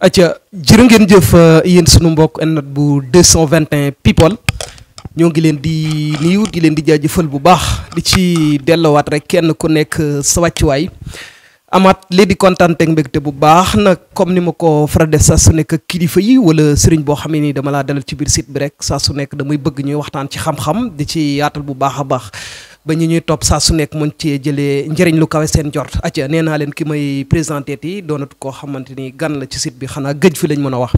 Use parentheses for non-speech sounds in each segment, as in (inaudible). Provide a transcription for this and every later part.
acca jërë ngeen jëf euh, yéen sunu mbokk nat bu 221 people ñoo ngi leen di nuyu di leen di jaajëfal bu baax di ci dellowaat rek kenn ku nekk euh, sa wàccuwaay amaat lii di kontaan teg mbégte bu baax nag comme ni ma ko faral di saa su nekk kilifa yi wala sëriñ boo xam ne ni dama laa dalal ci biir site bi rek saa su nekk damay bëgg ñuy waxtaan ci xam-xam di ci yaatal bu baax a baax ba ñu ñuy topp saa su nekk mën cee jëlee njëriñ lu kawe seen jort acca nee naa leen ki may présenté ti doonat koo xamante ni gan la ci site bi xanaa gëj fi lañ mën a wax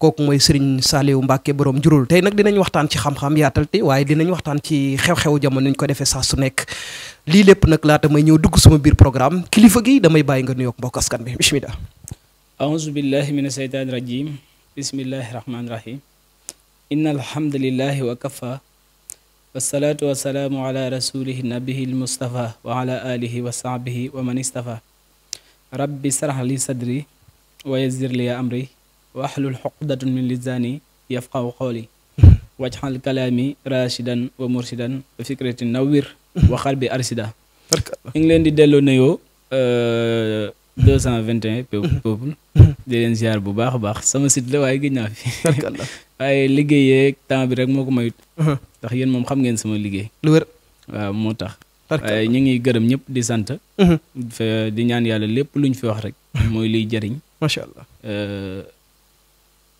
kooku mooy Serigne Saliou Mbacke borom jurul tey nag dinañ waxtaan ci xam-xam yaatal te waaye dinañ waxtaan ci xew-xewu jamono ñu ko defee saa su nekk lii lépp nag laata may ñëw dugg sama biir programme kilifa gi damay bàyyi nga nuyoog mbokk askan bi bismillah aouzu billahi mina seytaani rajim bismillahi rahmaani rahim inna alhamdulillahi wa kafa wassalaatu wassalaamu ala rasulihi nabihi lmustafa wa ala alihi wa sahbihi wa man istafa rabbi sarax li sadri wa yazir li amri wa ahlul xuqdatun min lisaani yafqahu qawli wajxal kalaami rashidan wa murshidan wa fikrati nawwir wa qalbi arsida ñu ngi leen di delloo nuyoo euh, deux cent vingt et un mhm. peuple mhm. di leen ziar bu baax a baax sama site la waaye gëj naa fi (laughs) waaye liggéeyee temps bi rek moo ko mayut mhm. ndax yéen moom xam ngeen sama liggéey lu wér waaw moo tax waaye ñu ngi gërëm ñëpp di sant di ñaan yàlla lépp luñ fi wax rek mooy liy jariñ macha allah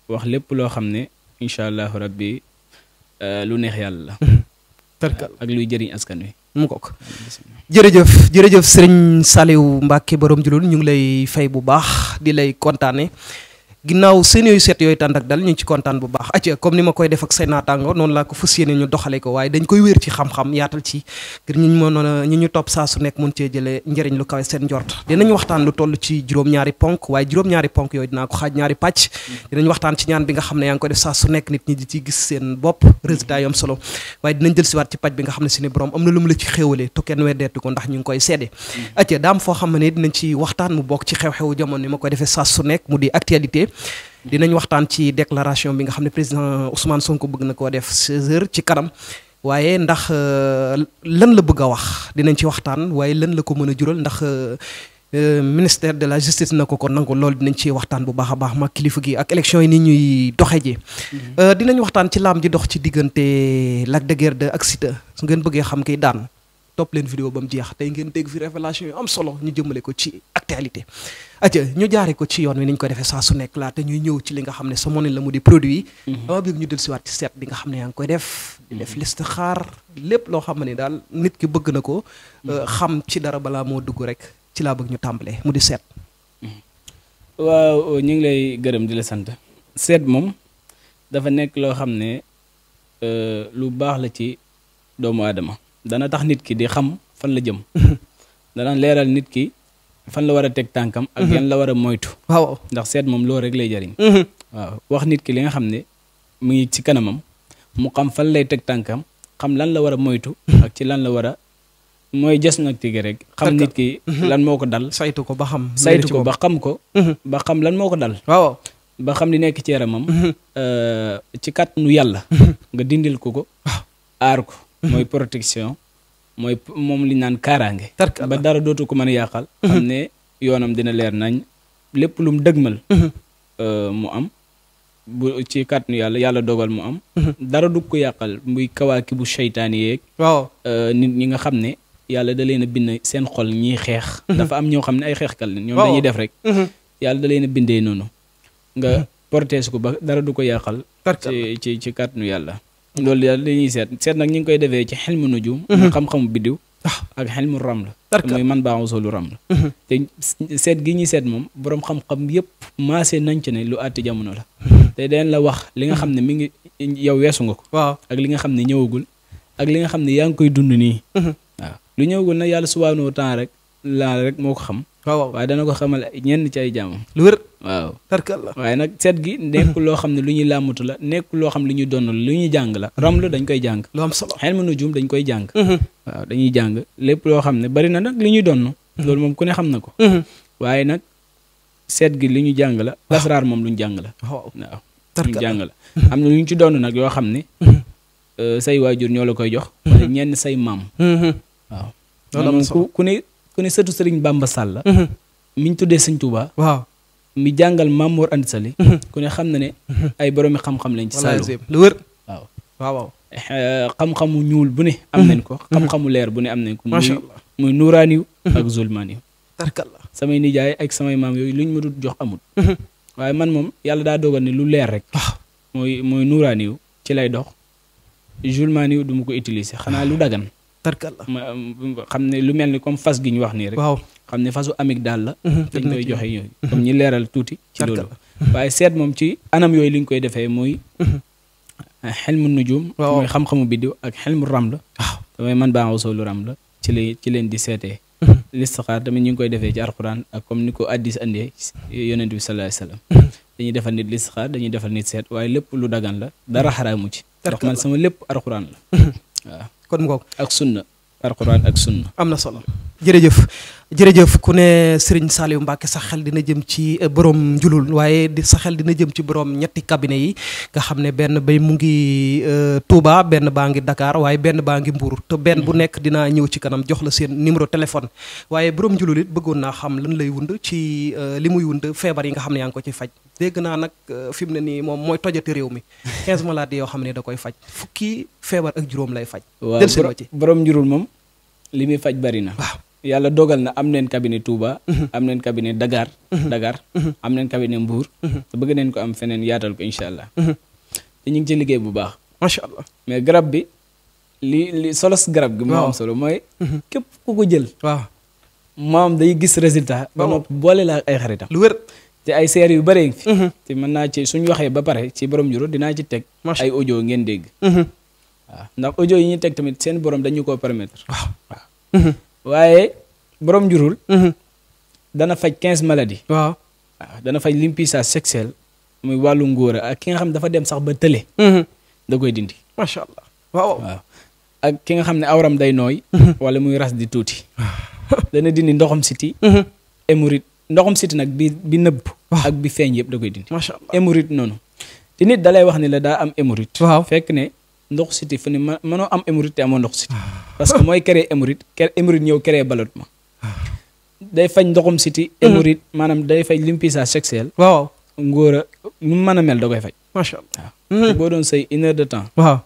wax lépp loo xam ne incha allahu rabbi lu neex yàlla la ak luy jëriñ askan wi mu ko jërëjëf jërëjëf sëriñ Saliou Mbacke borom julul ñu ngi lay fay bu baax di lay kontaane ginnaaw seen yooyu seet yooyu tànd ak dal ñu ngi ci kontaan bu baax acca comme ni ma koy def ak say naataango noonu laa ko fas yéene su nekk mun cee jëlee njëriñ lu kawe seen njort dinañ waxtaan lu toll ci juróom-ñaari ponk waaye juróom-ñaari ponk yooyu dinaa ko xaaj ñaari ñaan bi nga xam ne yaa ngi ko nit ñi di ci gis seen bopp résultat yu am na lu mu la ci xéwalee to kenn ko ndax ñu ngi koy acca daam foo xam ne dinañ ci waxtaan mu bokk ci xew-xewu jamono ni ma koy defee saa su nekk mu di actualité dinañ waxtaan ci déclaration bi nga xam ne président Ousmane Sonko bëgg na koo def 16 ci kanam waaye ndax euh, lan la bëgg a wax dinañ ci waxtaan waaye lan la ko mën a jural ndax euh, euh, ministère de la justice na ko ko nangu loolu dinañ ci waxtaan bu baax a baax ma kilifa gi ak élection yi ni ñuy doxe ji mm-hmm. dinañ waxtaan ci laam ji dox ci diggante Lac de Guiers 2 ak su ngeen bëggee xam kiy daan topp leen vidéo ba mu jeex tey ngeen dégg fi révélation yu am solo ñu jëmale ko ci actualité aja ñu jaare ko ci yoon wi niñ ko defee saa su nekk laata ñuy ñëw ci li nga xam ne so moneen la mu di produit dama mhm. bëgg ñu dellusiwaat ci seet bi xam ne yaa ngi koy def di def listixaar lépp loo xam ne daal nit ki bëgg na ko mhm. euh, xam ci dara balaa moo dugg rek ci laa bëgg ñu tàmbalee mu di seet mhm. waaw ñu ngi lay gërëm di la seet moom dafa nekk loo xam ne euh, lu baax la ci doomu adama dana tax nit ki di xam fan la jëm (laughs) dana leeral nit ki fan la war a teg tànkam ak mhm. yan la war a moytu waaw ndax seet moom loo rek lay jariñ mhm. waaw wax nit ki li nga xam ne mu ngi ci kanamam mu xam fan lay teg tànkam xam lan la war a moytu mhm. ak ci lan la war a mooy jas nag tigi rek xam nit ki lan moo ko dal saytu ko ba xam saytu ko ba xam ko ba xam lan moo ko dal waaw ba xam li nekk ci yaramam euh, ci kàttanu yàlla nga dindil ko ko ah. aar ko mooy protection mooy moom li naan kaaraange ba dara dootu ko mën yàqal (laughs) mhm. xam ne yoonam dina leer nañ lépp lum dëgmal mhm. euh, mu am bu ci kàttanu yàlla yàlla dogal mu am mhm. dara dugg ko yàqal muy kawaaki bu seytaani yeeg waaw euh, nit ñi nga xam ne yàlla da leen a bind seen xol ñiy xeex dafa am ñoo xam ne ay xeexkat la ñoom dañuy def rek yàlla da leen a bindee noonu nga portees ko ba dara du ko yàqal ci ci ci kàttanu yàlla loolu yàlla dañuy seet seet nag ñu ngi koy defee ci xilmu nujum mhm. xam-xamu biddiw ah. ak xilmu ram la mooy man baaxam solu ram mhm. te seet gi ñuy seet moom boroom xam yëpp maase nañ ci ne lu àtti jamono la mhm. te dañ la wax li nga xam ne mi ngi yow weesu nga ko waaw ak li nga xam ne ñëwagul ak li nga xam ne yaa ngi koy dund nii waaw lu ñëwagul nag yàlla subhaanahu wa taala rek laa rek moo ko xam waaw waaye dana ko xamal ñenn ci ay jaamam lu wér waaw tarkal la waaye nag seet gi nekkul loo xam ne lu ñuy làmmatu la nekkul loo xam ne lu ñuy donn lu ñuy jàng la dañ koy jàng lu am solo xel ma nujum koy jàng mm-hmm. dañuy jàng lépp loo xam ne bari na nag li ñuy donn mm-hmm. loolu moom ku ne xam na ko mm-hmm. waaye nag seet gi li ñuy jàng la lasraar moom lu ñu jàng la waaw lu la am na lu ñu ci donn nag yoo xam ne euh, say waajur ñoo la koy jox wala ñenn say maam waaw ku ne ku ne sëtu Serigne Bamba Sall. Mhm. mi ñu tuddee Serigne Touba. waaw mi jàngal Maam Mor Anta Sali. Mhm. ku xam na ne. Mhm. ay boroomi xam-xam lañ ci Saalum lu wër waaw waaw. Eh, xam-xamu ñuul bu ne. am nañ ko xam-xamu leer bu ne am nañ ko. macha allah muy nuuraaniw ak zulmaaniw. tarkalla samay nijaay ak samay maam yooyu luñ ma dut jox amul. waaye man moom yàlla daa dogal ne lu leer rek. Ah. mooy mooy nuuraaniw ci lay dox. zulmaaniw du ma ko utiliser xanaa lu dagan. tarkal la xam ne lu mel ni comme fas gi ñu wax nii rek xam ne fasu amig daal la mhm, dañ koy joxe yooyu mhm. comme ñi leeral tuuti ci loolu waaye seet moom ci anam yooyu li ñu koy defee mooy mhm. xelmu nujum mooy xam-xamu biddiw ak xelmu ram la waaw man baa nga lu ram la ci la ci leen di seetee listixaar tamit ñu ngi koy defee ci alxuraan ak comme ni ko addis indee yonent bi sallallahu alayhi wasallam dañuy defal nit listixaar dañuy defal nit seet waaye lépp lu dagan la dara xaraamu ci ndax man sama kon mu ngoog ak sunna alquran ak sunna am na solo jërëjëf jërëjëf fukk ne Serigne saaliyu Mbacke sa xel dina jëm ci euh, borom njulul waaye di sa xel dina jëm ci borom ñetti kabine yi nga xam ne benn bay mu ngi euh, Touba benn baa ngi Dakar waaye benn baa ngi Mbour te benn bu mm-hmm. nekk dinaa ñëw ci kanam jox la seen numéro téléphone waaye borom njulul it bëggoon naa xam lan lay wund ci euh, li muy wund feebar yi nga xam ne yaa ngi ko ci faj dégg naa nag fi mu ne nii moom mooy tojati réew mi 15 maladies yoo xam ne da koy faj fukki feebar ak juróom lay faj. waaw borom njulul moom li muy faj bari na yàlla dogal na am leen cabinet Touba. am neen cabinet Dakar. Dakar am neen cabinet Mbour. bëgg neen ko am feneen yaatal ko incha allah. te ñu ngi ci liggéey bu baax. macha allah mais garab bi li li solos garab gi. moo solo mooy. képp ku ko jël. waaw maam day gis résultat. ba noppi boole laa ay xaritam. lu wér te ay seer yu baree ngi mhm. te mën naa ci suñu waxee ba pare ci borom juróom dinaa ci teg. ay ojo ngeen dégg. Mhm. waaw ndax audio yi ñuy teg tamit seen borom dañu ko permettre. Mhm. waaye borom njurul mhm. dana faj quinze maladies. waaw dana faj l'impuissance sexuelle muy wàllu ngóora ak ki nga xam dafa dem sax ba tële. Mhm. da koy dindi. macha allah waaw ak ki nga xam ne awram day nooy. Mhm. wala muy ras di tuuti. (laughs) dana dindi ndoxum siti. émorite ndoxam siti nag bi bi nëbb. ak bi feeñ yëpp da koy dindi. macha allah émorite noonu. te nit da wax ni la daa am émorite. waaw fekk ne ndox siti fu ne ma mënoo am hémorroïde te amoo ndoxu siti ah. parce que mooy créer hémorroïde créer hémorroïde ñëw créer ballottement day faj ndoxum siti ah. hémorroïde maanaam day faj limpissage sexuel waaw ngóor a nu mën a mel da faj macha allah hmm. boo doon sëy une de temps waaw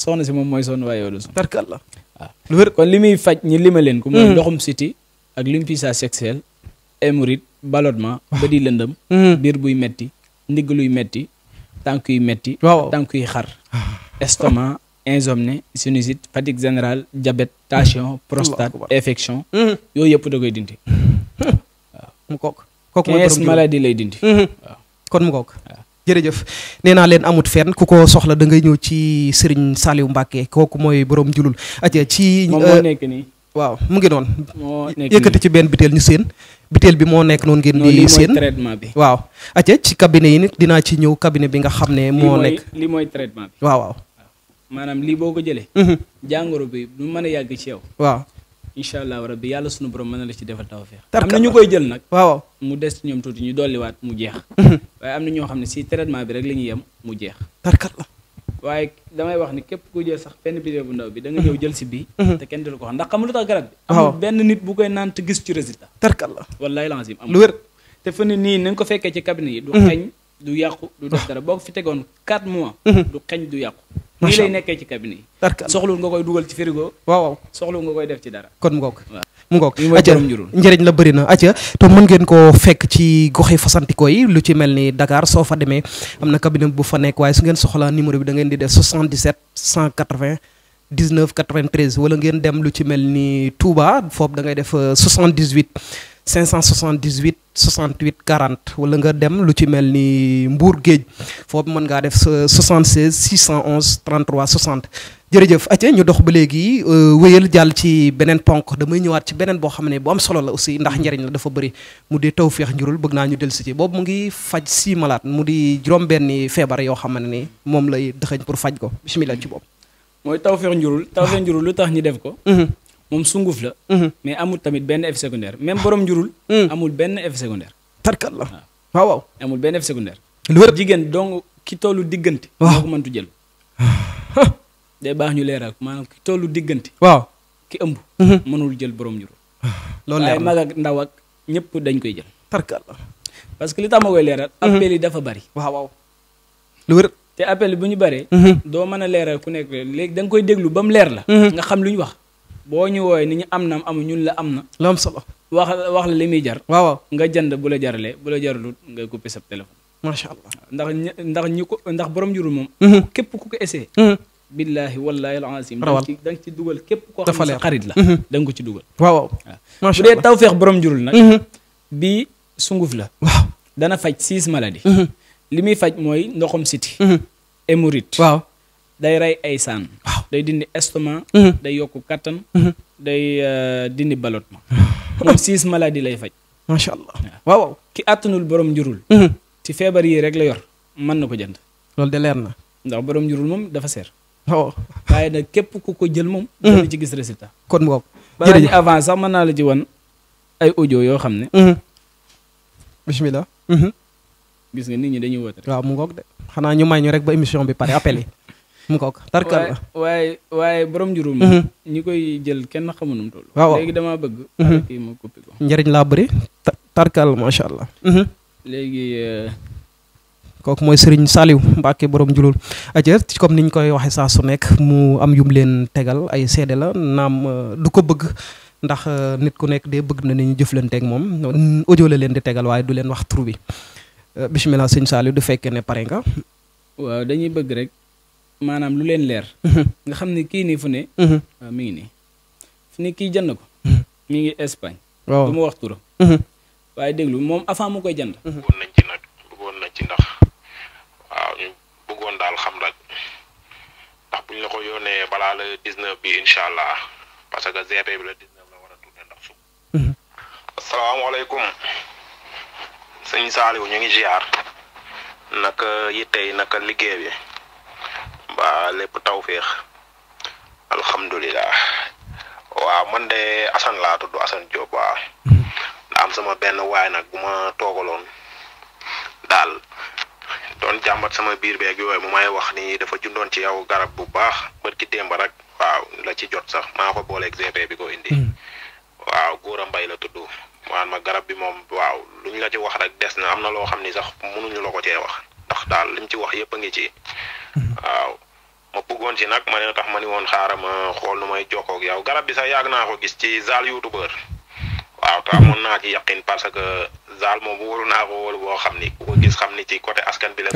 soxna moom mooy sonn waaye yow du sonn tarkalla waaw kon li muy faj ñi lima leen ko mooy hmm. ndoxum siti ak limpissage sexuel hémorroïde ballottement ba di lëndëm hmm. biir buy metti ndigg luy metti tànk yuy metti tànk yuy xar (sighs) estomac insomnie sinusite fatigue générale diabète tension prostate infection (laughs) mhm. yooyu yëpp da koy dindi waaw mu kook lay dindi mhm. kon mu kook jërëjëf nee naa leen amut fenn ku ko soxla da ngay ñëw ci Serigne Saliou Mbacke kooku mooy borom julul a ci moom moo euh, waaw mu ngi noonu yëkkati ci benn biteel ñu seen biteel bi moo nekk noonu ngeen di seen traitement bi waaw aca ci cabinet yi nit dinaa ci ñëw cabinet bi nga xam ne moo nekk li mooy traitement bi waaw waaw maanaam lii boo ko jëlee mhm. jàngoro bi du mën a yàgg ci yow waaw incha allah rabbi yàlla sunu borom mën na la ci defal tawfeex am na ñu koy jël nag waaw mu des ñoom tuuti ñu dolliwaat mu jeex mhm. waaye am na ñoo xam ne si traitement bi rek la ñuy yem mu jeex tarkat la waaye damay wax ni képp ku jël sax benn bidéo bu ndaw bi da nga ñëw jël si bii mhm. te kenn du la ko wax ndax xam lu tax garab bi amul benn nit bu koy naan te gis ci résultat tarkal la wallaay lazim am lu wér te fa ni nii nañ ko fekkee ci cabinet yi du mhm. xeeñ du yàqu du def dara boo ko fi tegoon 4 mois mhm. du xeeñ du yàqu nii lay nekkee ci cabinet yi soxlu nga koy dugal ci frigo waaw waaw soxlu nga koy def ci dara kon mu goog mu ngoog aca njëriñ la bëri na aca mën ngeen koo fekk ci goxi fasantikoo yi lu ci mel ni Dakar soo fa demee am na cabinet bu fa nekk waaye su ngeen soxla numéro bi da ngeen di def 77 180 19 93 wala ngeen dem lu ci mel ni Touba foofu da ngay def 78 578 68 40 wala nga dem lu ci mel ni Mbour Géej foofu mën ngaa def 76 611 33 60 jërëjëf atie ñu dox ba léegi euh, wéyal jàll ci beneen ponk damay ñëwaat ci beneen boo xam ne bu am solo la aussi ndax njariñ la dafa bari mu di tawféex njurul bëgg naa ñu del si ci boobu mu ngi faj si malaat mu di juróom-benni feebar yoo xam ne ni moom lay dëxëñ pour faj ko bismillah ci boobu mooy tawféex njurul tawféex njurul lu tax ñu def ko mhm. moom sunguf la mhm. mais amul tamit benn effet secondaire même borom njurul mhm. amul benn effet secondaire tarkal la waaw waaw amul benn effet secondaire lu wér jigéen donc ki tollu diggante moo ko mëntu jël ah. day baax ñu leeral maanaam ki tollu diggante. waaw ki ëmb. Mhm. mënul jël borom jur. (sighs) loolu leer mag ak ndaw ak ñëpp dañ koy jël. tarkal parce que li tax ma koy leeral. Mhm. appel yi dafa bari. waaw waaw lu wér. te appel bu ñu baree. Mhm. doo mën a leera ku nekk léegi da koy déglu ba mu leer la. nga xam lu ñu wax. boo ñu wooyee ni ñu am na amu ñun la am na. lu am solo wax la li muy jar. waaw nga jënd bu la jaralee bu la jaralul ngay coupé sa téléphone. macha allah ndax ndax ñi ko ndax borom billaahi wallaahi alazim rawal da nga ci dugal képp koo xam xarit la mhm. dang ko ci dugal waaw waaw waaw bu dee tawfeex borom njurul nag mhm. bi sunguf la dana faj six maladies mhm. li muy faj mooy ndoxum siti hémorroïde waaw day rey ay saan day dindi estomac day yokku kattan day euh, dindi ballottement (laughs) moom six maladies lay faj macha allah waaw waaw ki àttanul borom njurul ci feebar yi rek la yor mën na ko jënd loolu de leer na ndax borom njurul moom dafa seer waaw waaye na képp ku ko jël moom. Mm-hmm. dana ci gis résultat. kon boog balaa ñu avant sax mën naa wan ay audio yoo xam ne. Mm-hmm. bismillah. Mm-hmm. gis nga nit ñi dañuy woote rek. xanaa ñu may rek ba émission bi pare appel yi mu ngoog tarkal waaye waaye borom juróom. ñi koy jël kenn xamunum toll. waaw léegi damaa bëgg. kii ma laa bëri tarkal macha allah. Euh, kooku mooy Serigne Saliou Mbacke borom julul ajër comme niñ koy waxee saa su nekk mu am yum leen tegal ay seede la naam euh, du ko bëgg ndax euh, nit ku nekk de bëgg na ni ñu jëflanteeg moom audio leen di tegal waaye du leen wax tur bi euh, bisimilah sëñ Saliou du fekkee ne pare nga. waaw dañuy bëgg rek maanaam lu leen leer. Mhm. nga xam ne kii nii fu ne. Mhm. waaw mi ngi nii fu ne kii jënd ko. Mhm. mi ngi Espagne. waaw du ma wax turam. waaye déglu moom avant mu koy jënd. kon daal xam rek ndax bu ñu la ko yónnee balaa le 19 bi incha allah parce que GT bi le 19 la war a tourné ndax sub mhm. asalaamaaleykum sëñ Saaliw ñu ngi ziar naka yittey naka liggéey bi ba lépp tawféex alhamdulilah waaw man de Assane laa tudd Assane Diop waaw. Mhm. am sama benn waay nag bu ma toogaloon daal doon jàmbat sama biir beeg yooyu mu may wax ni dafa jundoon ci yaw garab bu baax bët ki démb rek waaw la ci jot sax maa ko booleeg GP bi ko indi. Hmm. waaw góor a mbay la tudd. waan ma garab bi moom waaw luñ la ci wax rek des na am na loo xam ni sax mënuñu la ko cee wax ndax daal lim ci wax yëpp a ngi ci. Hmm. waaw ma bëggoon ci nag ma ne tax ma ni woon xaaral ma xool nu may jokkoo ak yow garab bi sax yàgg naa ko gis ci zaal youtubeur waaw te amoon naa ci yaqin parce que zaal moom wóolu naa ko wóolu boo xam ni ku ko gis xam ni ci côté askan bi la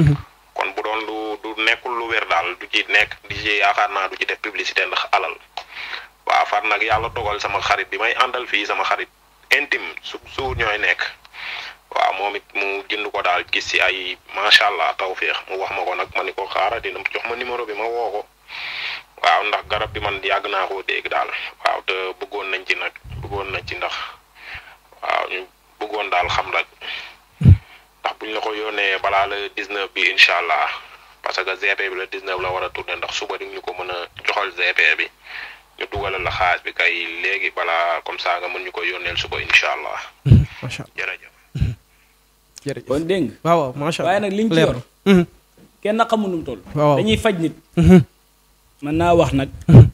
mhm. kon bu doon lu du nekkul lu weer daal du ci nekk di ci yaakaar naa du ci def publicité ndax alal waaw far nag yàlla dogal sama xarit bi may àndal fii sama xarit intime su su ñooy nekk waaw moom it mu jënd ko daal gis ci ay macha allah taw tawféex mu wax ma ko nag ma ni ko xaaral dina jox ma numéro bi ma woo ko waaw ndax garab bi man yàgg naa koo dégg daal waaw te bëggoon nañ ci nag bëggoon nañ ci ndax waaw ñu bëggoon daal xam rek ndax buñ la ko yónnee balaa la 19 bi incha allah parce que GP bi la 19 la war a tourné ndax suba di ñu ko mën a joxal GP bi ñu dugalal la xaaj bi kay léegi balaa comme ça nga mën ñu ko yónneel suba incha allah. Mhm, macha allah mhm. waaw waaye nag liñ ci yor. Mhm. kenn xamul nu mu toll. dañuy faj nit. man naa wax nag (laughs)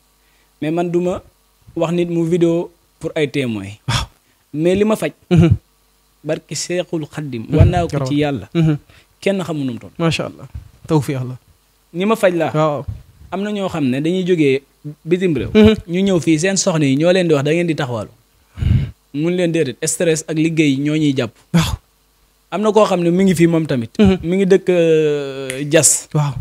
mais man duma wax nit mu vidéo pour ay témoins mais li ma faj mhm. barki seexul xaddim mhm. war naa ko ci yàlla mhm. kenn xamu nu mu toll allah allah tawfiix la ñi ma faj la am na ñoo xam ne dañuy jóge bitim réew ñu ñëw fii seen soxna yi ñoo leen di wax da ngeen di taxawaalu mun leen déedéet stress ak liggéey ñoo ñuy jàpp waaw am na koo xam ne mi ngi fii moom tamit mi ngi dëkk jas euh, waaw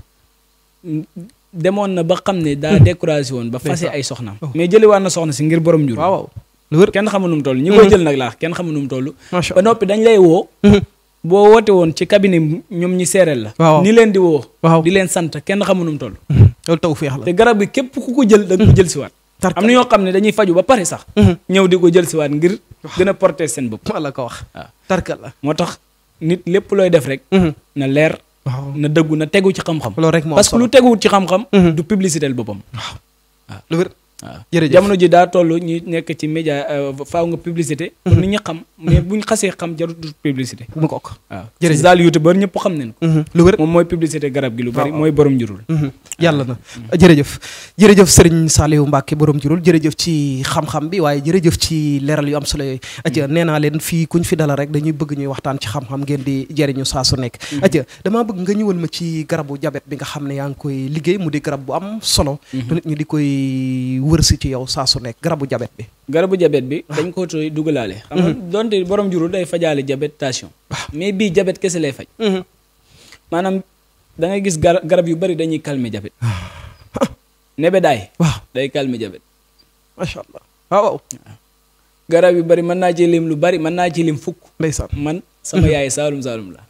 demoon na ba xam ne daa hmm. découragé woon ba fase ay soxnaam oh. mais jëliwaat na soxna si ngir borom njur waaw wër kenn xamul nu mu toll ñi hmm. koy jël nag laax kenn xamul nu mu ba noppi dañ lay woo hmm. boo woote woon ci cabinet ñoom ñi seereel la ni leen di woo di leen sant kenn xamul nu mu toll taw feex la te garab gi képp ku ko jël da nga ko jël siwaat am na ñoo xam ne dañuy faju ba pare sax ñëw di ko jël siwaat ngir gën a porter seen bopp wala ko wax waaw ah. tarkal la moo tax nit lépp looy def rek na leer na dëggu na tegu ci xam-xam. loolu rek moo parce que lu teguwut ci xam-xam. Mhm. du publicité boppam. waaw lu waaw jërëjëf jamono ji daa toll ñu nekk ci média euh, faaw nga publicité mhm. pour nit ñi xam mais buñ xasee xam jarut du publicité mu ko waaw jërëjëf daal mhm. lu wér moom mooy publicité garab gi lu bari mooy borom njurul mhm. yàlla na jërëjëf jërëjëf Serigne Saliou Mbacke borom njurul jërëjëf ci xam-xam ci leeral yu am solo yooyu aja naa leen fii kuñ fi dala rek dañuy bëgg ñuy waxtaan ci xam-xam di jëriñu saa su nekk aja damaa bëgg nga ñëwal ma ci garabu jabet bi nga xam ne yaa ngi koy liggéey mu di garab bu am solo ñu di koy wër si ci yow saa su nekk garabu jabet bi garabu jabet bi dañ ko tooy dugalaale ah. mm-hmm. xam nga donte borom jurul day fajaale jabet tension ah. mais bii jabet kese lay faj mm-hmm. maanaam da gis garab yu bari dañuy calmer jabet ah. nebedaay waaw day calmer jabet macha allah garab yu bari man naa ci lim lu bari mën naa ci lim fukk man sama mm-hmm. yaay saalum saalum la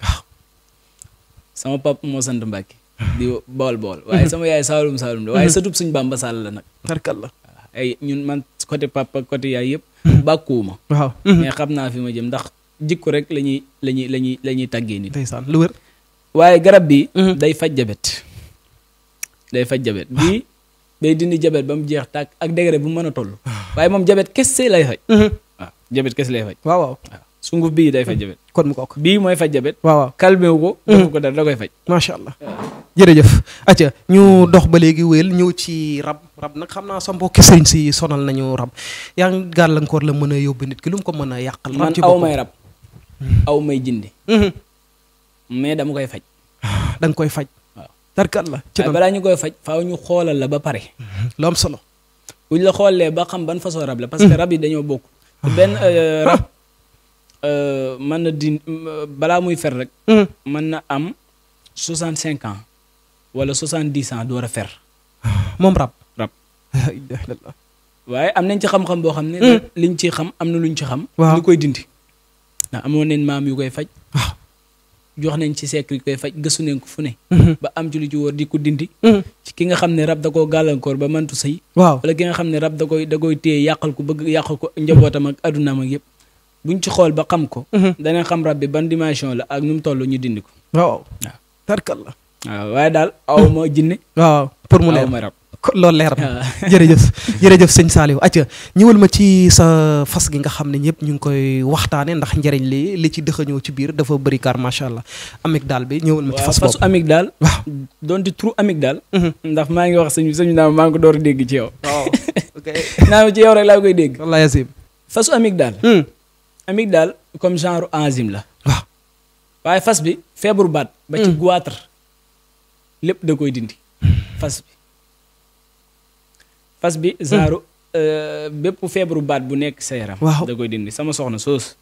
sama pap moo sant Mbàkke di bool bool waaye sama yaay saalum saalum la waaye mm-hmm. satub suñ bàmba sall la nag tarkal la ay ñun man côté papa côté yaay yëpp mm-hmm. bàkkuwuma waaw mm-hmm. mais xam naa fi ma jëm ndax jikko rek la ñuy la ñuy la ñuy la ñuy tàggee nit ndeysaan lu wér waaye garab bi day faj jabet day faj jabet bii ah. day dindi jabet ba mu jeex tàkk ak degré bu mën a toll ah. waaye moom jabet kese lay faj ah, jabet kese lay faj waaw waaw sunguf bii day faj jabet kon mu kooku bii mooy faj jabet waaw waaw calmé ko mm. dafa ko dal da koy faj macha allah jërëjëf acca ñu dox ba léegi wéyal ñëw ci rab rab nag xam naa sa mbokki sëriñ si sonal nañu rab yaa ngi gàllankoor la mën a yóbbu nit ki lu mu ko mën a yàqal man aw may rab mm-hmm. aw may jindi mm-hmm. mais dama koy faj ah, da koy faj waaw tarkat la ci balaa ñu koy faj faaw ñu xoolal la ba pare mm-hmm. lu am solo buñ la xoolee ba xam ban façon rab la parce que rab yi dañoo bokk ah. benn euh, ah. Euh, mën na di euh, balaa muy fer rek. mën hmm. na am soixante cinq ans wala soixante dix ans war a fer. moom rab rab. waaye am nañ ci xam-xam boo xam ne. Hmm. liñ ci xam am na lu ñu ci xam. waaw lu koy dindi. amoon neen maam yu koy faj. jox nañ ci sekk yu koy faj gëstu nañ ko fu ne. Hmm. ba am ci lu ci wóor di ko dindi. ci ki nga xam ne rab da koo gàllankoor ba mëntu sëy. waaw wala ki nga xam ne rab da koy da koy téye yàqal ko bëgg yàqal ko njabootam ak addunaam ak yëpp. buñ ci xool ba xam ko. Mhm. danañ xam rab bi ban dimension la ak nu mu toll ñu dindi ko. waaw waaw tarkal waaw waaye daal aw ma jinne waaw pour mu leer ma rab. leer na (laughs) jërëjëf jërëjëf sëñ Saliou acca ñëwal ma ci sa fas gi nga xam ne ñëpp ñu ngi koy waxtaane ndax njëriñ li li ci dëxañoo ci biir dafa bëri kaar macha allah amygdale bi ñëwal ma ci fas boobu fasu amygdale daal mhm. ndax maa ngi wax sëñ bi sëñ maa ngi ko door dégg ci yow (laughs) daal comme genre enzyme la. waaw ah. waaye fas bi feebaru baat. ba ci hmm. goitre lépp da koy dindi. Hmm. fas bi fas bi hmm. genre euh, bépp feebaru baat bu nekk sa yaram. waaw da koy dindi sama soxna soos.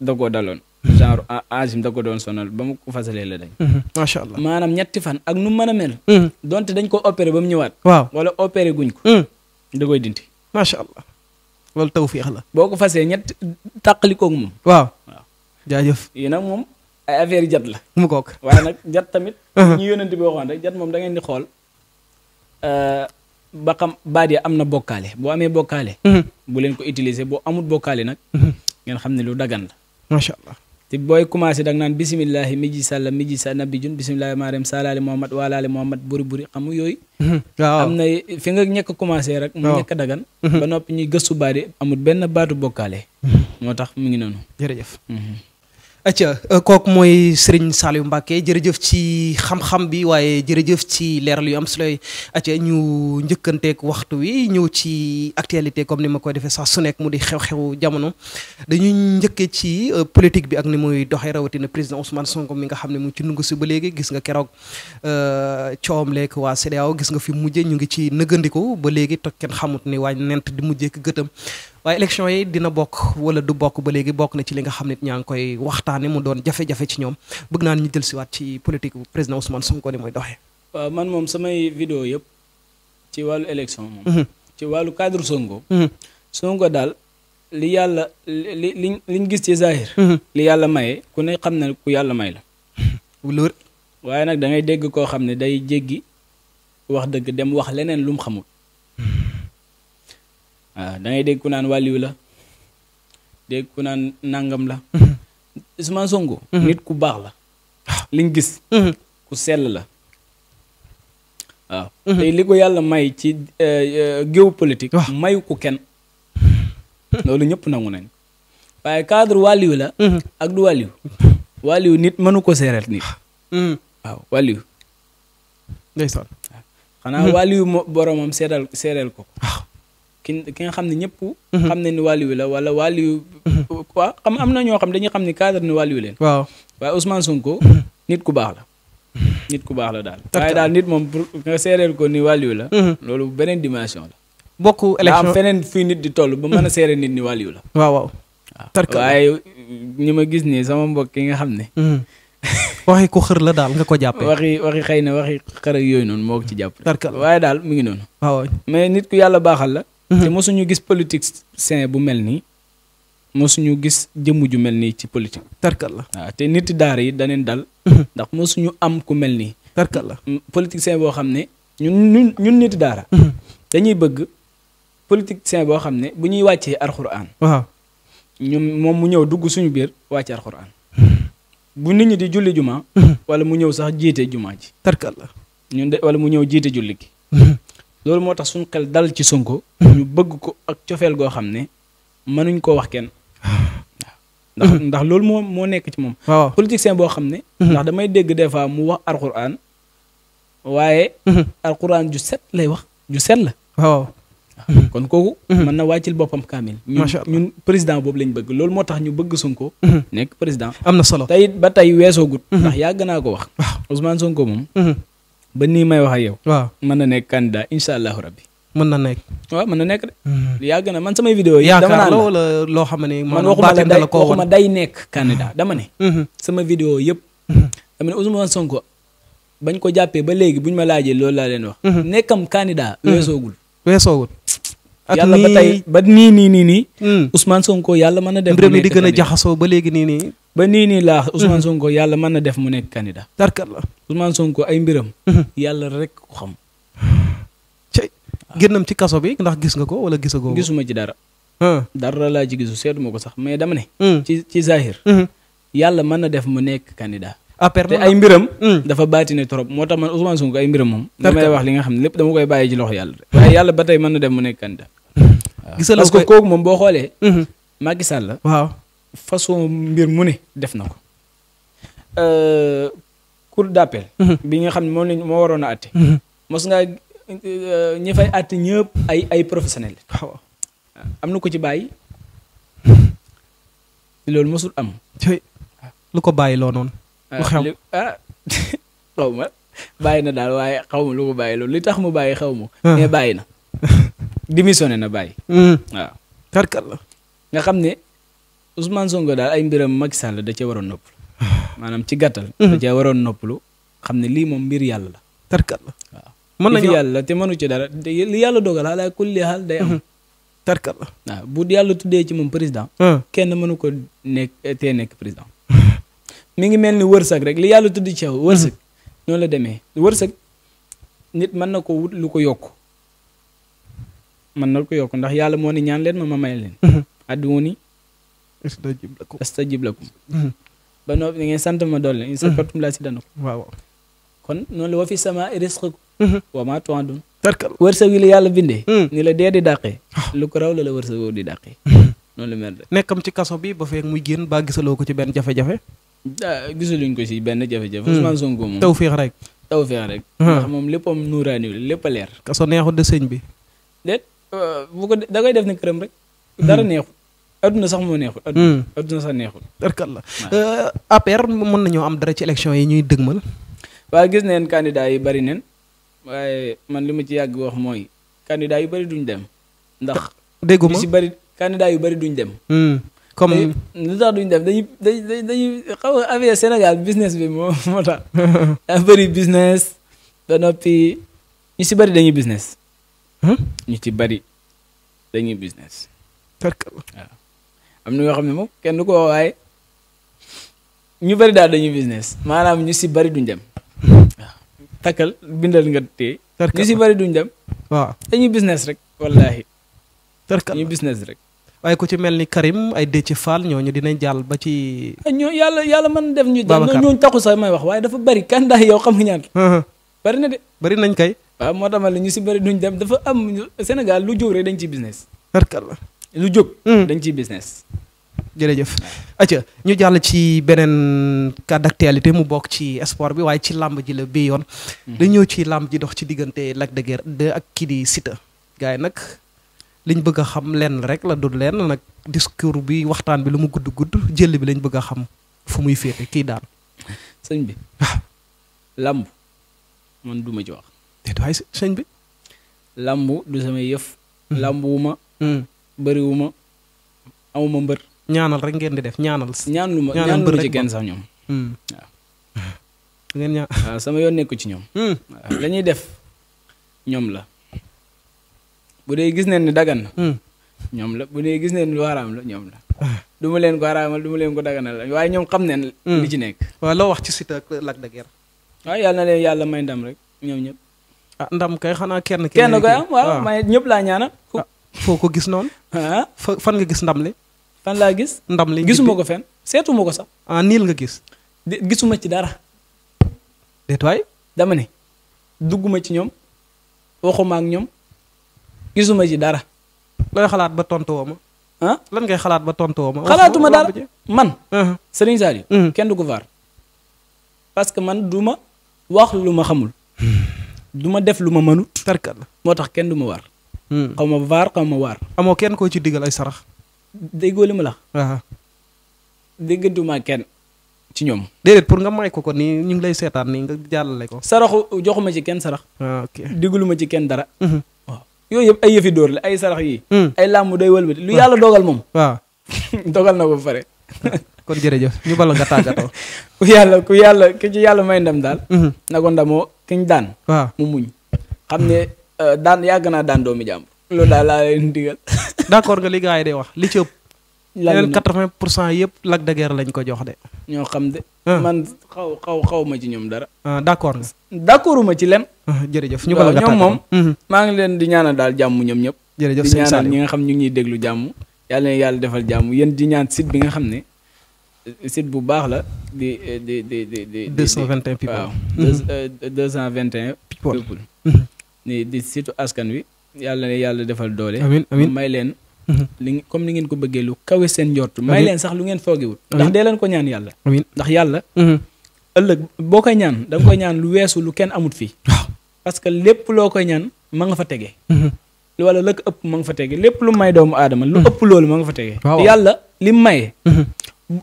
da koo daloon. genre enzyme da ko doon sonal ba mu ko fasalee la ñetti fan ak nu mën a mel. donte dañ ko opéré ba mu ñëwaat. waaw wala opéré guñ ko. da koy dindi loolu tawféex la. boo ko fasee ñett tàqalikoog moom. waaw waaw jaajëf. yii nag moom ay affaire jat la. mu kook waaye nag jat tamit. ñu uh-huh. yónnent bi moom da di xool. Euh, ba xam baat ya am na bokkaale boo amee bokkaale. Uh-huh. bu leen ko utiliser boo amut bokkaale nag. Uh-huh. ngeen xam ne lu dagan la. macha allah. te booy commencé da nga naan mi miji sàlla miji sa nabijun bisimilahi maarem salaali mohamad waalaali mohamad buri buri xam nga yooyu mhm. am na fi nga ñekk commencé rek mu ñekk dagan mhm. ba noppi ñuy gëstu baadi amul benn baatu bokkaale mhm. moo tax mu ngi noonu acca euh, kook mooy Serigne Saliou Mbacke jërëjëf ci xam-xam bi waaye jërëjëf ci leeral yu am solo yi acca ñu njëkkanteeg waxtu wi ñëw ci actualité comme ni ma koy defee sax su nekk mu di xew xew jamono dañuy njëkkee ci euh, politique bi ak ni muy doxee rawatina président Ousmane Sonko mi nga xam ne mu ci nungu si ba léegi gis nga keroog euh, coowam leeg waa CEDEAO gis nga fi mujje ñu ngi ci nëggandiku ba léegi toog kenn xamut ni waa nent di mujjee ki gëtam waaye élection yi dina bokk wala du bokk ba léegi bokk na ci li nga xam ne ñaa ngi koy waxtaane mu doon jafe-jafe ci ñoom bëgg naa ñu jël siwaat ci politique bu président Ousmane Sonko ni muy doxee. waaw man moom samay vidéo yëpp ci wàllu élection moom. Mhm. ci wàllu cadre Sonko. Mhm. Sonko daal li yàlla li li liñ gis ci Zahir. Mhm. li yàlla maye ku ne xam na ku yàlla may la. (laughs) waaye nag da ngay dégg koo xam ne day jéggi wax dëgg dem wax leneen lu mu xamul. waaw ah, da dégg ku naan wàlliw la dégg ku naan nàngam la (laughs) Ousmane Sonko mhm. nit ku baax la ah. liñ gis mhm. ku sell la mhm. waaw te li ko yàlla may ci eh, eh, géopolitique mayu ko kenn loolu ñëpp nangu nañ waaye cadre wàlliw la ak du wàlliw wàlliw nit mënu ko seereel nit waaw wàlliw ndeysaan seereel ko ah. ki ki nga xam ne ñëpp mhm. xam ne ni wàlliyu la wala wàlliyu mhm. quoi xam am na ñoo xam dañuy xam ne cadre ni wàlliyu leen waaw waaye Ousmane ko mhm. nit ku baax la nit ku baax la daal waaye daal nit moom seereel ko ni wàlliyu la loolu beneen dimension la bokk élection am feneen fii nit di toll ba mën a seereel nit ni wàlliyu la waaw waaw waaye ñi ma gis nii sama mbokk yi nga xam ne waxi ko xër la daal nga ko jàppee. waxi waxi xëy na waxi xër ak yooyu noonu moo ci jàpp. waaye daal mu ngi noonu. mais nit ku yàlla baaxal la. Mhm. te mosuñu gis politique sain bu mel nii mosuñu gis jëmm ju mel nii ci politique. tarkal la waaw te nit daara yi daneen dal. Mhm. ndax mosuñu am ku mel nii. tarkal la mm, politique sain boo xam ne ñun ñun ñun nit daara. Mhm. dañuy bëgg politique sain boo xam ne bu ñuy wàccee alxuraan. waaw ñun moom mu ñëw dugg suñu biir wàccee alxuraan. bu nit ñi di julli juma. wala mu ñëw sax jiite jumaa ji. tarkal la ñun de wala mu ñëw jiite julli gi. loolu moo tax suñ xel dal ci Sonko ñu bëgg ko ak cofeel goo xam ne mënuñ koo wax kenn ndax hmm. ndax loolu moo moo nekk ci moom politicien boo xam ne hmm. ndax damay dégg des fois mu wax alxuraan waaye hmm. alxuraan ju set lay wax ju set la waaw kon kooku mën na wàccil boppam kaamil ñun ñun président boobu lañ bëgg loolu moo tax ñu bëgg Sonko nekk président am na solo tey ba tey weesoo gut ndax yàgg naa ko wax Ousmane Sonko moom ba nii may wax ak yow. waaw mën na nekk candidat incha allahu rabbi. mën na nekk. waaw mën na nekk de. Mm-hmm. yàgg man samay vidéo yi. dama ne. man waxuma nekk mm-hmm. candidat dama ne. Mm-hmm. sama vidéo yëpp. dama ne Ousmane Sonko bañ ko jàppee ba léegi buñ ma laajee loolu laa leen wax. nekkam candidat. weesoogul weesoogul. ak yàlla ba tey ba nii nii nii nii. Mm. Sonko yàlla mën na dem. réew di gën a jaxasoo ba léegi nii nii. ba nii nii laa mhm. Ousmane Sonko yàlla mën na def mu nekk candidat. tarkat la Ousmane Sonko ay mbiram. Mhm. yàlla rek ko xam. cey génnam ci kaso bi ndax gis nga ko wala gisagoo. gisuma ci dara. dara laa ci gisu seetuma ko sax mais dama ne. Mhm. ci ci Zahir. yàlla mën na def mu nekk candidat. Ah, te ay mbiram. dafa baatine trop moo tax man Ousmane Sonko ay mbiram moom. damay wax li nga xam ne lépp dama koy bàyyi ci loxo yàlla de ba tey mën na def mu nekk candidat. (laughs) kooku moom boo xoolee. Macky Sall la façon mbir mu ne def na ko euh, cour d'appel mhm. bi nga xam ne moom lañ moo waroon a atte mhm. mos ngaa euh, ñi fay atte ñëpp ay ay professionnel waaw am na ko ci bàyyi loolu mosul am lu ko bàyyi loo noonu lu ah, xew ah (laughs) ma bàyyi na daal waaye xaw ma lu ko li tax mu bàyyi xaw ma ah. mais bàyyi na (laughs) démissionné na bàyyi mm. waaw karkar la nga xam ne Ousmane Sonko daal ay mbiram Macky Sall da cee waroon noppalu (sighs) maanaam ci gàttal. Hmm. da cee waroon noppalu xam ne lii moom mbir yàlla la. tarkal la waaw. mën nañu yàlla mënu ci dara li yàlla dogal ala kulli xaal day am. Hmm. bu yàlla tuddee ci moom président. Hmm. kenn mënu ko nekk tee nekk président. (laughs) mi ngi mel ni wërsëg rek li yàlla tudd ci yow wërsëg. noonu la demee wërsëg nit mën na ko wut lu ko yokk mën na ko yokk ndax yàlla moo ni ñaan leen ma ma may leen. adduuni astajib lakum hmm. ba noppi da ngeen sant ma doole la sakartum laa si danakum waaw kon noonu la wa fi sama risque hmm. wa maa tuadun tarkal wërsëg yi la yàlla bindee hmm. ni la dee di dàqee ah. lu ko raw la la wërsëg di dàqee noonu la mel nekkam ci kaso bi ba feek muy génn baa gisaloo ko ci benn jafe-jafe gisaluñ ko si benn jafe-jafe Ousmane Sonko moom tawfeex rek tawfeex rek ndax moom léppam nuuraani la lépp a leer kaso neexut de sëñ bi déet euh, bu ko da koy def na këram rek dara neexut adduna sax moo neexul. adduna hmm. sax neexul. dëgg la euh, APR mën nañoo am dara ci yi ñuy dëgmal. waaye gis neen candidat yi bari neen man li ma ci yàgg wax mooy candidat yu bari duñ dem. ndax dégguma si bari candidat yu bari duñ dem. Hmm. comme lu tax duñ dem dañuy dañuy dañuy xaw a business bi moo moo tax. (laughs) daa bëri business ba noppi ñu si bari dañuy business. ñu ci bari dañuy business. Hmm? am na yoo xam ne moom kenn du ko wax waaye ñu bari daal dañuy business maanaam ñu si bari duñ dem waaw takkal bindal nga téye ñu si bari duñ dem waaw dañuy business rek wallahi tarkal ñu business rek waaye ku ci mel ni Karim ay Déthié ñoo ñu dinañ jàll ba ci. Ah, ñoo yàlla yàlla mën def ñu. Babacar ñooñu taxu may wax waaye dafa bari kandaa yow xam nga ñaata. Uh-huh. bari na de. bari nañ kay. waaw moo tax ma la ñu si bari duñ dem dafa am Sénégal lu jóg rek dañ ci business. lu jóg. Hmm. dañ ciy business. jërëjëf acca ñu jàll ci beneen cas mu bokk ci sport bi waaye ci làmb ji la bi yoon hmm. ñëw ci làmb ji dox ci diggante Lac de ak kii di Siteu gars nag liñ bëgg a xam lenn rek la dul lenn nag discours bi waxtaan bi lu mu gudd gudd jël bi lañ bëgg a xam fu muy féete kii daal sëñ bi ah. làmb man duma ci wax déet waaye sëñ bi làmb hmm. wu ma bëriwu ma aw ma mbër. ñaanal rek ngeen di def ñaanal. ñaanal lu ma ci kenn ñoom. Hmm. (laughs) waaw. sama yoon nekku ci ñoom. Hmm. la def ñoom la bu dee gis neen ni dagan na. Hmm. ñoom la bu dee gis neen ni lu la ñoom la. leen ko haraamal du leen ko daganal waaye ñoom xam neen li ci nekk. waaw loo wax ci Siteu ak Lac de Guiers. waaw yàlla na leen yàlla may ndam rek ñoom ñëpp. ah ndam kay xanaa kenn. kenn koy am waaw ah. may laa ñaanal. foo ko gis noonu. ah fan nga gis ndam li. fan laa gis. ndam li gisuma ko fen seetuma ko sax. ah niil nga gis. gisuma ci dara. déet dama ne dugguma ci ñoom waxuma ak ñoom gisuma ci dara. looy xalaat ba tontu woo ma. lan ngay xalaat ba tontu woo ma. xalaatuma dara man. Uh-huh. Serigne yi uh-huh. kenn du ko vaar. parce que man du ma wax lu ma xamul. Hmm. du ma def lu ma mënut. la moo tax kenn du ma waar. Hmm. xaw ma vaar xaw ma waar. amoo kenn koo ci digal ay sarax. déggoo li ma la. ma kenn ci ñoom. déedéet pour nga may ko ko ni ñu lay seetaan ni nga jàllale ko. jox ma ci kenn sarax. Ah, ok diguluma ci kenn dara. Mhm. waaw yooyu yëpp ay yëfi dóor la ay sarax yi. Hmm. ay làmb doy wëlbati lu yàlla ah. dogal moom. waaw ah. (laughs) dogal na ko ba pare. (laughs) kon jërëjëf ñu bala nga tàggatoo. (laughs) ku yàlla ku yàlla ki ci yàlla may ndam daal. Mhm. na ko ndamoo kiñ daan. mu muñ xam ne. Euh, daan yàgg naa daan doomi jàmbur. loolu daal laa leen digal. (laughs) d'accord nga li gars yi day wax li ci ëpp. leneen 80 pour cent yëpp Lac de Guiers lañ ko jox de. ñoo xam de. Ah. man xaw xaw xaw ma ci ñoom dara. Ah, d'accord nga. d'accord ma ci len ah, jërëjëf ñu bala nga ñoom moom. Mhm. maa ngi leen di ñaan daal jàmm ñoom ñëpp. jërëjëf sëñ Saliou di ñaanal ñi nga xam ñu ngi ñuy déglu jàmm. yàlla na yàlla defal jàmm yéen di ñaan site bi nga xam ne site bu baax la di di di di. 221 people waaw 221 mhm. euh, people. Mhm. di surtout askan wi yàlla na yàlla defal doole. amiin amiin may leen. Mhm. li comme ni ngeen ko bëggee lu kawe seen njort. may leen sax lu ngeen foogewut ndax dee leen ko ñaan yàlla. amiin ndax yàlla. Mhm. ëllëg boo koy ñaan da koy ñaan lu weesu lu kenn amut fi parce que lépp loo koy ñaan ma nga fa tege. Mhm. wala la ëpp ma nga fa tege lépp lu may doomu aadama. lu ëpp loolu ma nga fa tege. yàlla li may.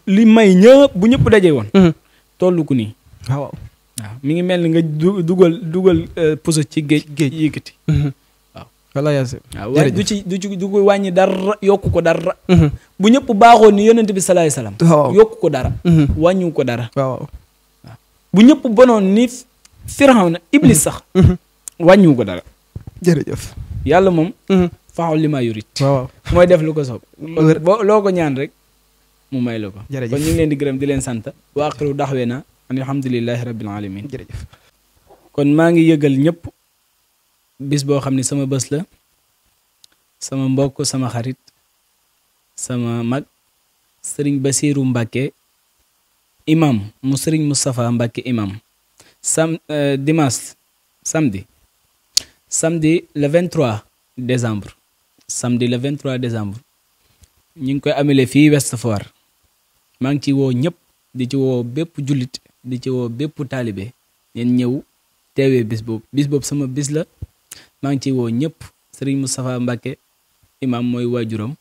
li may ñëpp bu ñëpp dajee woon. tollu ku nii. waaw mi ngi mel ni nga dugal dugal euh, puso ci géej géej yëkkati mhm. waaw wala yaa waaw waaye du ci du ci du wàññi dara yokku ko dara mhm. bu ñëpp baaxoon ni yonent bi salaay salaam yokku ko dara mhm. wàññiwu ko dara bu ñëpp bonoon ni firawna iblis sax wàññiwu ko dara jërëjëf yàlla moom faxul li maa yurit waaw mooy def lu ko soob loo ko ñaan rek mu may la ko kon ñu ngi leen di gërëm di leen sant wa aqiru daxwee na alhamdulilahi rabbil alamin jërëjëf kon maa ngi yëgal ñëpp bis boo xam ne sama bés la sama mbokk sama xarit sama mag sëriñ Basiiru Mbàkke imam mu sëriñ Moustapha Mbàkke imam sam euh, dimanche samedi samedi le 23 décembre samedi le 23 décembre ñu ngi koy amele fii West Foire maa ngi ci woo ñëpp di ci woo bépp jullit di ci woo bépp taalibe ngeen ñëw teewee bis boobu bis boobu sama bis la maa ngi ciy woo ñëpp sëriñ Moustapha Mbacke imaam mooy waajuram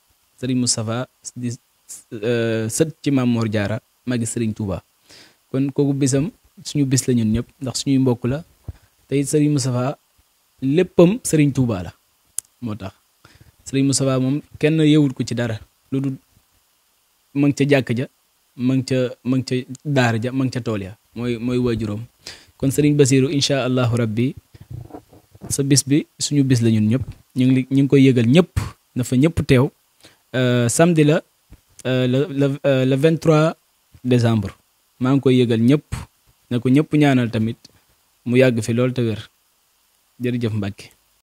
sëriñ Moustapha di euh, sët ci maam Mor magi sëriñ Touba kon kooku bisam suñu bis la ñun ñëpp ndax suñuy mbokk la tey sëriñ Moustapha léppam sëriñ Touba la moo tax sëriñ Moustapha moom kenn yewut ko ci dara lu dul ma ngi ca jàkk ja ma ngi ca ma ca daar ja ma ngi ca tool ya mooy mooy waajuróom kon sëriñ Basiiru incha allahu rabbi sa bis bi suñu bis la ñun ñëpp ñu ngi ñu ngi koy yëgal ñëpp na fa ñëpp teew euh, samedi la euh, le le euh, le 23 décembre maa ngi koy yëgal ñëpp na ko ñëpp ñaanal tamit mu yàgg fi loolu te wér jërëjëf Mbàkke